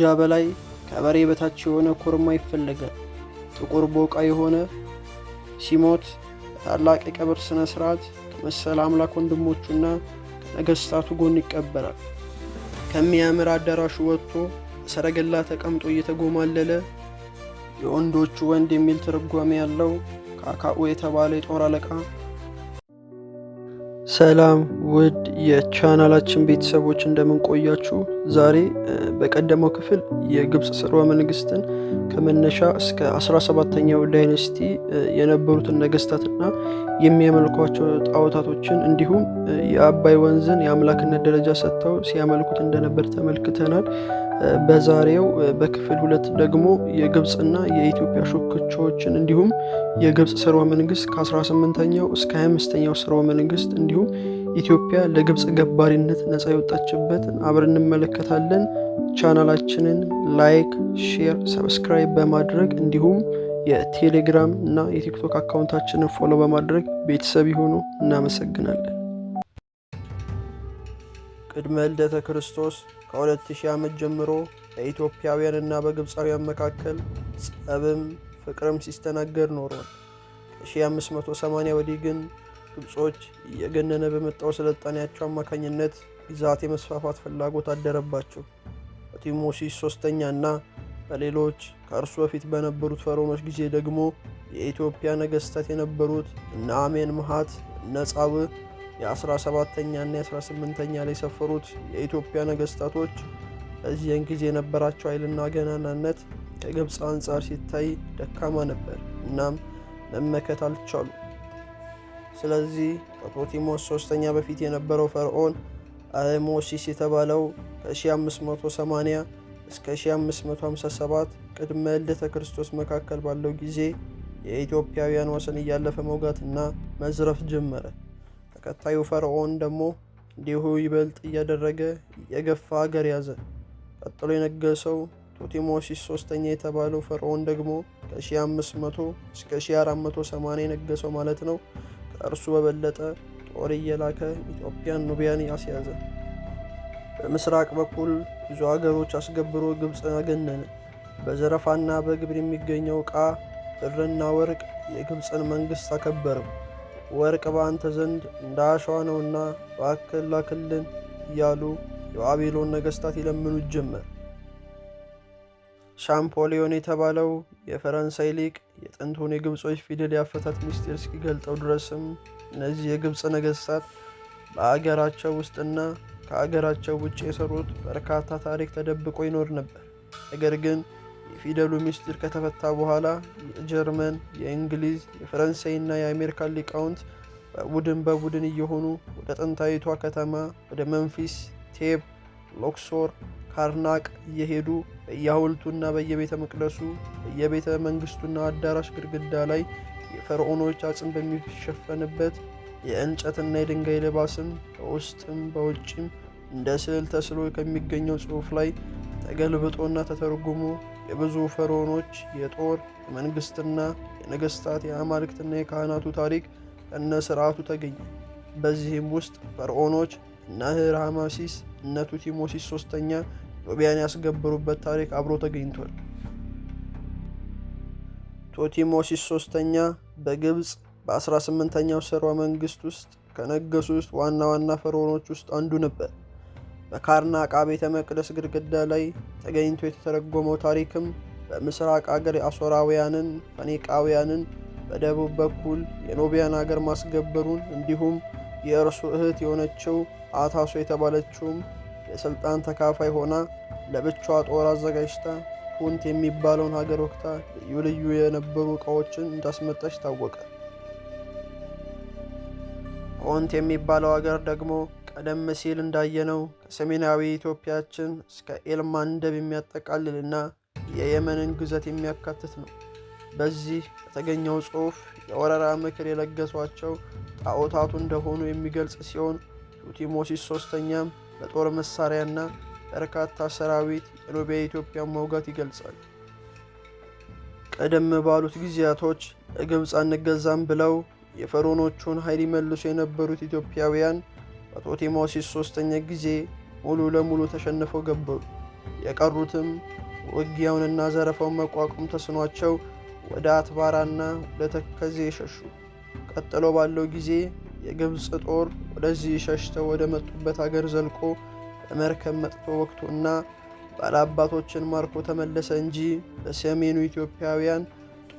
ጃ በላይ ከበሬ በታች የሆነ ኮርማ ይፈለጋል። ጥቁር ቦቃ የሆነ ሲሞት በታላቅ የቀብር ስነ ስርዓት ከመሰለ አምላክ ወንድሞቹና ከነገስታቱ ጎን ይቀበራል። ከሚያምር አዳራሹ ወጥቶ ሰረገላ ተቀምጦ እየተጎማለለ የወንዶቹ ወንድ የሚል ትርጓሜ ያለው ካካኡ የተባለ የጦር አለቃ ሰላም ውድ የቻናላችን ቤተሰቦች እንደምንቆያችሁ፣ ዛሬ በቀደመው ክፍል የግብፅ ስርወ መንግስትን ከመነሻ እስከ 17 ተኛው ዳይነስቲ የነበሩትን ነገስታትና የሚያመልኳቸው ጣዖታቶችን እንዲሁም የአባይ ወንዝን የአምላክነት ደረጃ ሰጥተው ሲያመልኩት እንደነበር ተመልክተናል። በዛሬው በክፍል ሁለት ደግሞ የግብፅና የኢትዮጵያ ሹክቻዎችን እንዲሁም የግብፅ ስርወ መንግስት ከ18ኛው እስከ 25ኛው ስርወ መንግስት እንዲሁም ኢትዮጵያ ለግብፅ ገባሪነት ነፃ የወጣችበትን አብር እንመለከታለን። ቻናላችንን ላይክ፣ ሼር፣ ሰብስክራይብ በማድረግ እንዲሁም የቴሌግራም እና የቲክቶክ አካውንታችንን ፎሎ በማድረግ ቤተሰብ የሆኑ እናመሰግናለን። ቅድመ ልደተ ክርስቶስ ከ2000 ዓመት ጀምሮ በኢትዮጵያውያንና በግብፃውያን መካከል ጸብም ፍቅርም ሲስተናገድ ኖሯል። ከ1580 ወዲህ ግን ግብጾች እየገነነ በመጣው ስልጣኔያቸው አማካኝነት ግዛት የመስፋፋት ፍላጎት አደረባቸው። በቲሞሲስ እና በሌሎች ከእርሱ በፊት በነበሩት ፈሮኖች ጊዜ ደግሞ የኢትዮጵያ ነገስታት የነበሩት እነ አሜን መሃት፣ እነ ጻውዕ የ17ኛና የ18ኛ ላይ የሰፈሩት የኢትዮጵያ ነገስታቶች በዚያን ጊዜ የነበራቸው ኃይልና ገናናነት ከግብፅ አንጻር ሲታይ ደካማ ነበር። እናም መመከት አልቻሉ። ስለዚህ ከቶቲሞስ ሶስተኛ በፊት የነበረው ፈርዖን አሞሲስ የተባለው ከ1580 እስከ 1557 ቅድመ ልደተ ክርስቶስ መካከል ባለው ጊዜ የኢትዮጵያውያን ወሰን እያለፈ መውጋትና መዝረፍ ጀመረ። ተከታዩ ፈርዖን ደግሞ እንዲሁ ይበልጥ እያደረገ የገፋ አገር ያዘ። ቀጥሎ የነገሰው ቱቲሞሲስ ሶስተኛ የተባለው ፈርዖን ደግሞ ከ1500 እስከ 1480 የነገሰው ማለት ነው። ከእርሱ በበለጠ ጦር እየላከ ኢትዮጵያን፣ ኑቢያን ያስያዘ። በምስራቅ በኩል ብዙ አገሮች አስገብሮ ግብፅን አገነነ። በዘረፋና በግብር የሚገኘው ዕቃ ብርና ወርቅ የግብፅን መንግስት አከበረው። ወርቅ በአንተ ዘንድ እንደ አሸዋ ነውና እባክህ ላክልን እያሉ የባቢሎን ነገሥታት ይለምኑት ጀመር። ሻምፖሊዮን የተባለው የፈረንሳይ ሊቅ የጥንቱን የግብጾች ፊደል ያፈታት ሚስጢር እስኪገልጠው ድረስም እነዚህ የግብፅ ነገሥታት በአገራቸው ውስጥና ከአገራቸው ውጭ የሰሩት በርካታ ታሪክ ተደብቆ ይኖር ነበር። ነገር ግን የፊደሉ ምስጢር ከተፈታ በኋላ የጀርመን፣ የእንግሊዝ፣ የፈረንሳይና የአሜሪካን ሊቃውንት በቡድን በቡድን እየሆኑ ወደ ጥንታዊቷ ከተማ ወደ መንፊስ፣ ቴብ፣ ሎክሶር፣ ካርናቅ እየሄዱ በየሐውልቱና በየቤተ መቅደሱ በየቤተ መንግስቱና አዳራሽ ግድግዳ ላይ የፈርዖኖች አጽም በሚሸፈንበት የእንጨትና የድንጋይ ልባስም በውስጥም በውጭም እንደ ስዕል ተስሎ ከሚገኘው ጽሑፍ ላይ ተገልብጦና ተተርጉሞ የብዙ ፈርዖኖች የጦር የመንግስትና የነገስታት የአማልክትና የካህናቱ ታሪክ እነ ስርዓቱ ተገኘ። በዚህም ውስጥ ፈርዖኖች እነ ራማሲስ እነ ቱቲሞሲስ ሶስተኛ ጦቢያን ያስገበሩበት ታሪክ አብሮ ተገኝቷል። ቶቲሞሲስ ሶስተኛ በግብፅ በ18ኛው ስርወ መንግስት ውስጥ ከነገሱ ውስጥ ዋና ዋና ፈርዖኖች ውስጥ አንዱ ነበር። በካርናቃ ቤተ መቅደስ ግድግዳ ላይ ተገኝቶ የተተረጎመው ታሪክም በምስራቅ አገር የአሶራውያንን ፈኒቃውያንን በደቡብ በኩል የኖቢያን አገር ማስገበሩን እንዲሁም የእርሱ እህት የሆነችው አታሶ የተባለችውም የሥልጣን ተካፋይ ሆና ለብቻዋ ጦር አዘጋጅታ ሁንት የሚባለውን ሀገር ወቅታ ልዩ ልዩ የነበሩ እቃዎችን እንዳስመጣች ታወቀ። ሆንት የሚባለው ሀገር ደግሞ ቀደም ሲል እንዳየነው ከሰሜናዊ ኢትዮጵያችን እስከ ኤልማንደብ የሚያጠቃልልና የየመንን ግዘት የሚያካትት ነው። በዚህ በተገኘው ጽሑፍ የወረራ ምክር የለገሷቸው ጣዖታቱ እንደሆኑ የሚገልጽ ሲሆን ቱቲሞሲስ ሶስተኛም በጦር መሳሪያና በርካታ ሰራዊት የኖቤ ኢትዮጵያን መውጋት ይገልጻል። ቀደም ባሉት ጊዜያቶች ለግብፅ አንገዛም ብለው የፈሮኖቹን ኃይል ይመልሱ የነበሩት ኢትዮጵያውያን አቶ ሶስተኛ ጊዜ ሙሉ ለሙሉ ተሸንፈው ገበሩ። የቀሩትም ውጊያውንና ዘረፋውን መቋቋም ተስኗቸው ወደ አትባራና ወደ ተከዜ ሸሹ። ቀጥሎ ባለው ጊዜ የግብፅ ጦር ወደዚህ ሸሽተው ወደ መጡበት አገር ዘልቆ በመርከብ መጥቶ ወቅቱና ባለአባቶችን ማርኮ ተመለሰ እንጂ በሰሜኑ ኢትዮጵያውያን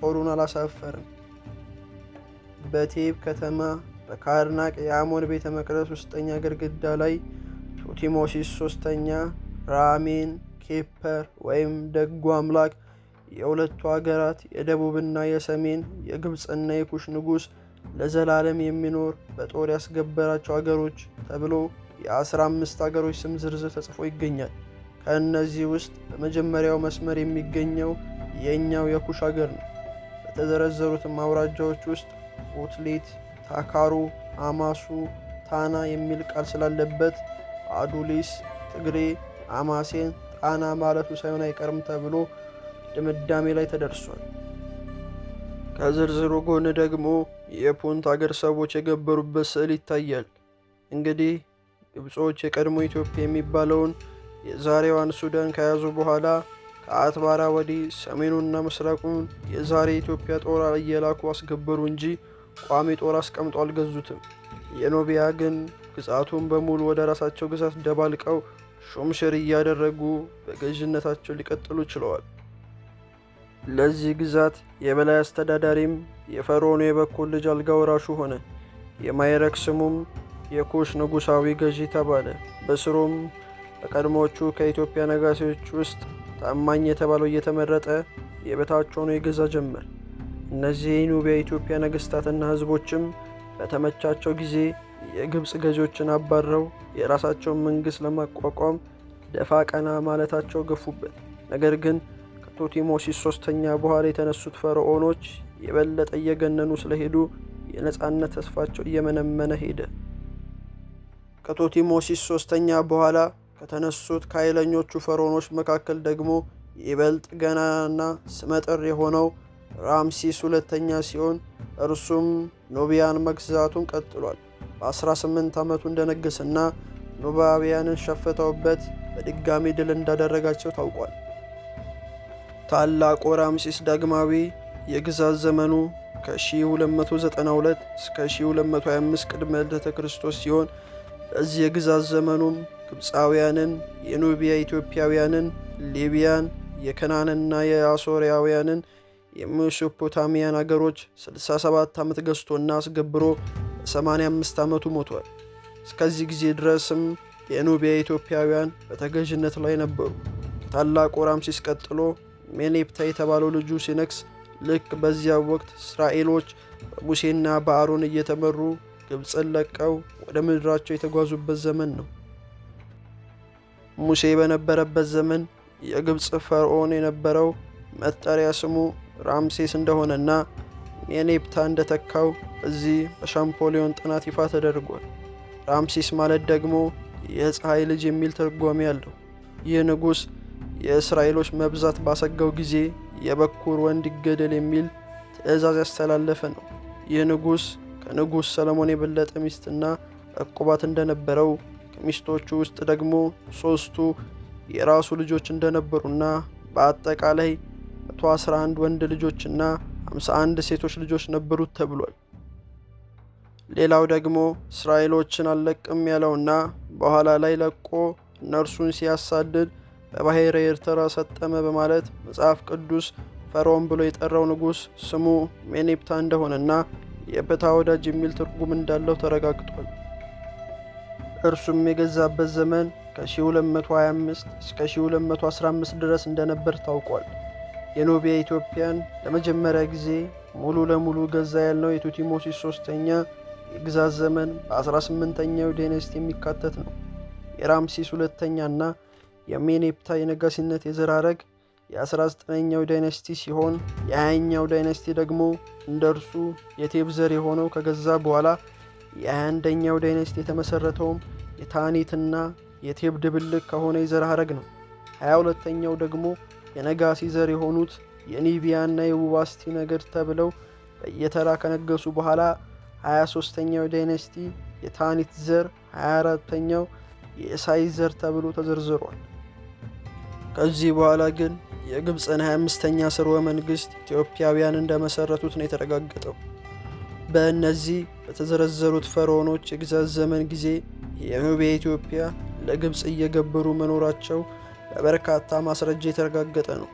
ጦሩን አላሳፈርም። በቴብ ከተማ በካርናቅ የአሞን ቤተ መቅደስ ውስጠኛ ግድግዳ ላይ ቱቲሞሲስ ሶስተኛ ራሜን ኬፐር ወይም ደጉ አምላክ የሁለቱ ሀገራት የደቡብና የሰሜን የግብፅና የኩሽ ንጉሥ ለዘላለም የሚኖር በጦር ያስገበራቸው አገሮች ተብሎ የ15 አገሮች ስም ዝርዝር ተጽፎ ይገኛል። ከእነዚህ ውስጥ በመጀመሪያው መስመር የሚገኘው የእኛው የኩሽ አገር ነው። በተዘረዘሩትም አውራጃዎች ውስጥ ኦትሌት ታካሩ፣ አማሱ፣ ታና የሚል ቃል ስላለበት አዱሊስ፣ ትግሬ፣ አማሴን፣ ጣና ማለቱ ሳይሆን አይቀርም ተብሎ ድምዳሜ ላይ ተደርሷል። ከዝርዝሩ ጎን ደግሞ የፑንት አገር ሰዎች የገበሩበት ስዕል ይታያል። እንግዲህ ግብጾች የቀድሞ ኢትዮጵያ የሚባለውን የዛሬዋን ሱዳን ከያዙ በኋላ ከአትባራ ወዲህ ሰሜኑና ምስራቁን የዛሬ ኢትዮጵያ ጦር እየላኩ አስገበሩ እንጂ ቋሚ ጦር አስቀምጦ አልገዙትም። የኖቢያ ግን ግዛቱን በሙሉ ወደ ራሳቸው ግዛት ደባልቀው ሹምሽር እያደረጉ በገዥነታቸው ሊቀጥሉ ችለዋል። ለዚህ ግዛት የበላይ አስተዳዳሪም የፈርዖኑ የበኩል ልጅ አልጋ ወራሹ ሆነ። የማይረክ ስሙም የኩሽ ንጉሳዊ ገዢ ተባለ። በስሩም በቀድሞቹ ከኢትዮጵያ ነጋሴዎች ውስጥ ታማኝ የተባለው እየተመረጠ የበታች ሆኖ ይገዛ ጀመር። እነዚህ የኑቢያ ኢትዮጵያ ነገሥታትና ሕዝቦችም በተመቻቸው ጊዜ የግብፅ ገዢዎችን አባረው የራሳቸውን መንግሥት ለማቋቋም ደፋ ቀና ማለታቸው ገፉበት። ነገር ግን ከቶቲሞሲስ ሶስተኛ በኋላ የተነሱት ፈርዖኖች የበለጠ እየገነኑ ስለሄዱ የነፃነት ተስፋቸው እየመነመነ ሄደ። ከቶቲሞሲስ ሶስተኛ በኋላ ከተነሱት ከኃይለኞቹ ፈርዖኖች መካከል ደግሞ ይበልጥ ገናና ስመጥር የሆነው ራምሲስ ሁለተኛ ሲሆን እርሱም ኖቢያን መግዛቱን ቀጥሏል። በ18 ዓመቱ እንደነገሰና ኖባውያንን ሸፍተውበት በድጋሚ ድል እንዳደረጋቸው ታውቋል። ታላቁ ራምሲስ ዳግማዊ የግዛት ዘመኑ ከ1292 እስከ 1225 ቅድመ ልደተ ክርስቶስ ሲሆን በዚህ የግዛት ዘመኑም ግብፃውያንን፣ የኑቢያ ኢትዮጵያውያንን፣ ሊቢያን፣ የከናንና የአሶሪያውያንን የሜሶፖታሚያን አገሮች 67 ዓመት ገዝቶና አስገብሮ 85 ዓመቱ ሞቷል። እስከዚህ ጊዜ ድረስም የኑቢያ ኢትዮጵያውያን በተገዥነት ላይ ነበሩ። ከታላቁ ራምሲስ ቀጥሎ ሜኔፕታ የተባለው ልጁ ሲነክስ፣ ልክ በዚያ ወቅት እስራኤሎች በሙሴና በአሮን እየተመሩ ግብፅን ለቀው ወደ ምድራቸው የተጓዙበት ዘመን ነው። ሙሴ በነበረበት ዘመን የግብፅ ፈርዖን የነበረው መጠሪያ ስሙ ራምሴስ እንደሆነና የኔፕታ እንደተካው እዚህ በሻምፖሊዮን ጥናት ይፋ ተደርጓል። ራምሴስ ማለት ደግሞ የፀሐይ ልጅ የሚል ትርጓሜ አለው። ይህ ንጉሥ የእስራኤሎች መብዛት ባሰጋው ጊዜ የበኩር ወንድ ይገደል የሚል ትእዛዝ ያስተላለፈ ነው። ይህ ንጉሥ ከንጉሥ ሰለሞን የበለጠ ሚስትና እቁባት እንደነበረው ከሚስቶቹ ውስጥ ደግሞ ሦስቱ የራሱ ልጆች እንደነበሩና በአጠቃላይ 111 ወንድ ልጆችና 51 ሴቶች ልጆች ነበሩት ተብሏል። ሌላው ደግሞ እስራኤሎችን አልለቅም ያለውና በኋላ ላይ ለቆ እነርሱን ሲያሳድድ በባሕረ ኤርትራ ሰጠመ በማለት መጽሐፍ ቅዱስ ፈርዖን ብሎ የጠራው ንጉሥ ስሙ ሜኔፕታ እንደሆነና የበታ ወዳጅ የሚል ትርጉም እንዳለው ተረጋግጧል። እርሱም የገዛበት ዘመን ከ1225 እስከ 1215 ድረስ እንደነበር ታውቋል። የኖቢያ ኢትዮጵያን ለመጀመሪያ ጊዜ ሙሉ ለሙሉ ገዛ ያልነው የቱቲሞሲስ ሶስተኛ የግዛት ዘመን በ18ኛው ዴነስት የሚካተት ነው። የራምሲስ ሁለተኛና የሜኔፕታ የነጋሲነት የዘር የ19ኛው ዳይነስቲ ሲሆን የ20ኛው ዳይነስቲ ደግሞ እንደ እርሱ የቴብ ዘር የሆነው ከገዛ በኋላ የ21ኛው ዳይነስቲ የተመሰረተውም የታኒትና የቴብ ድብልቅ ከሆነ የዘር ሐረግ ነው። 22ኛው ደግሞ የነጋሲ ዘር የሆኑት የኒቢያና የውባስቲ ነገድ ተብለው በየተራ ከነገሱ በኋላ 23ተኛው ዳይነስቲ የታኒት ዘር፣ 24ተኛው የእሳይ ዘር ተብሎ ተዘርዝሯል። ከዚህ በኋላ ግን የግብፅን 25ተኛ ስርወ መንግስት ኢትዮጵያውያን እንደመሰረቱት ነው የተረጋገጠው። በእነዚህ በተዘረዘሩት ፈርዖኖች የግዛት ዘመን ጊዜ የኑቢያ ኢትዮጵያ ለግብፅ እየገበሩ መኖራቸው በበርካታ ማስረጃ የተረጋገጠ ነው።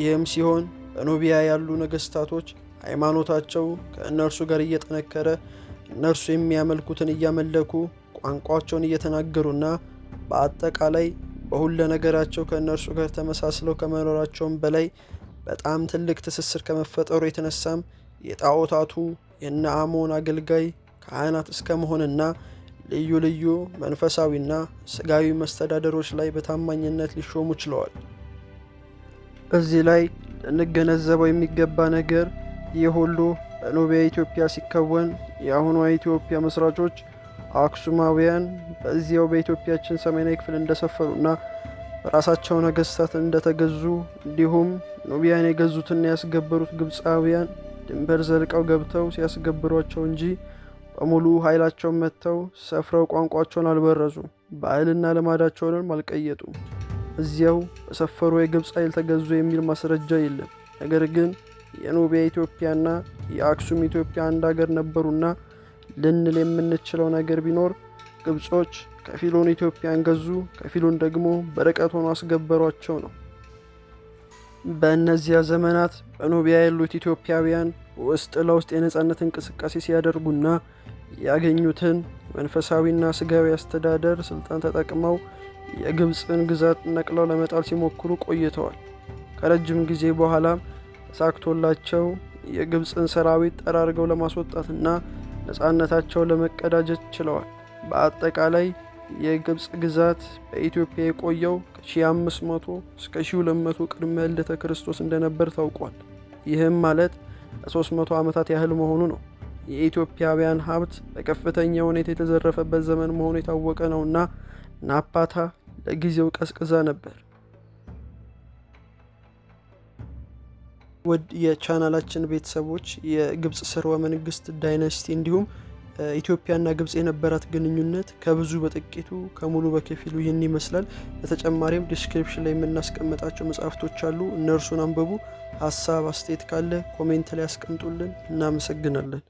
ይህም ሲሆን በኑቢያ ያሉ ነገስታቶች ሃይማኖታቸው ከእነርሱ ጋር እየጠነከረ እነርሱ የሚያመልኩትን እያመለኩ ቋንቋቸውን እየተናገሩና በአጠቃላይ በሁለ ነገራቸው ከእነርሱ ጋር ተመሳስለው ከመኖራቸውም በላይ በጣም ትልቅ ትስስር ከመፈጠሩ የተነሳም የጣዖታቱ የነአሞን አገልጋይ ካህናት እስከ መሆንና ልዩ ልዩ መንፈሳዊና ስጋዊ መስተዳደሮች ላይ በታማኝነት ሊሾሙ ችለዋል። እዚህ ላይ ልንገነዘበው የሚገባ ነገር ይህ ሁሉ በኖቢያ ኢትዮጵያ ሲከወን የአሁኗ የኢትዮጵያ መስራቾች አክሱማውያን በዚያው በኢትዮጵያችን ሰሜናዊ ክፍል እንደሰፈሩና በራሳቸው ነገስታት እንደተገዙ እንዲሁም ኖቢያን የገዙትና ያስገበሩት ግብፃውያን ድንበር ዘልቀው ገብተው ሲያስገብሯቸው እንጂ በሙሉ ኃይላቸውን መጥተው ሰፍረው ቋንቋቸውን አልበረዙም፣ ባህልና ልማዳቸውንም አልቀየጡም። እዚያው በሰፈሩ የግብፅ ኃይል ተገዙ የሚል ማስረጃ የለም። ነገር ግን የኑቢያ ኢትዮጵያና የአክሱም ኢትዮጵያ አንድ አገር ነበሩና ልንል የምንችለው ነገር ቢኖር ግብጾች ከፊሉን ኢትዮጵያን ገዙ፣ ከፊሉን ደግሞ በርቀት ሆኖ አስገበሯቸው ነው። በእነዚያ ዘመናት በኑቢያ ያሉት ኢትዮጵያውያን ውስጥ ለውስጥ የነፃነት እንቅስቃሴ ሲያደርጉና ያገኙትን መንፈሳዊና ስጋዊ አስተዳደር ስልጣን ተጠቅመው የግብፅን ግዛት ነቅለው ለመጣል ሲሞክሩ ቆይተዋል። ከረጅም ጊዜ በኋላም ተሳክቶላቸው የግብፅን ሰራዊት ጠራርገው ለማስወጣትና ነፃነታቸው ለመቀዳጀት ችለዋል። በአጠቃላይ የግብፅ ግዛት በኢትዮጵያ የቆየው ከ1500 እስከ 1200 ቅድመ ልደተ ክርስቶስ እንደነበር ታውቋል። ይህም ማለት ለ300 ዓመታት ያህል መሆኑ ነው። የኢትዮጵያውያን ሀብት በከፍተኛ ሁኔታ የተዘረፈበት ዘመን መሆኑ የታወቀ ነውና ናፓታ ለጊዜው ቀዝቅዛ ነበር። ውድ የቻናላችን ቤተሰቦች የግብጽ ስርወ መንግስት ዳይነስቲ እንዲሁም ኢትዮጵያና ግብጽ የነበራት ግንኙነት ከብዙ በጥቂቱ ከሙሉ በከፊሉ ይህን ይመስላል። በተጨማሪም ዲስክሪፕሽን ላይ የምናስቀምጣቸው መጽሐፍቶች አሉ። እነርሱን አንብቡ። ሀሳብ አስተያየት ካለ ኮሜንት ላይ ያስቀምጡልን። እናመሰግናለን።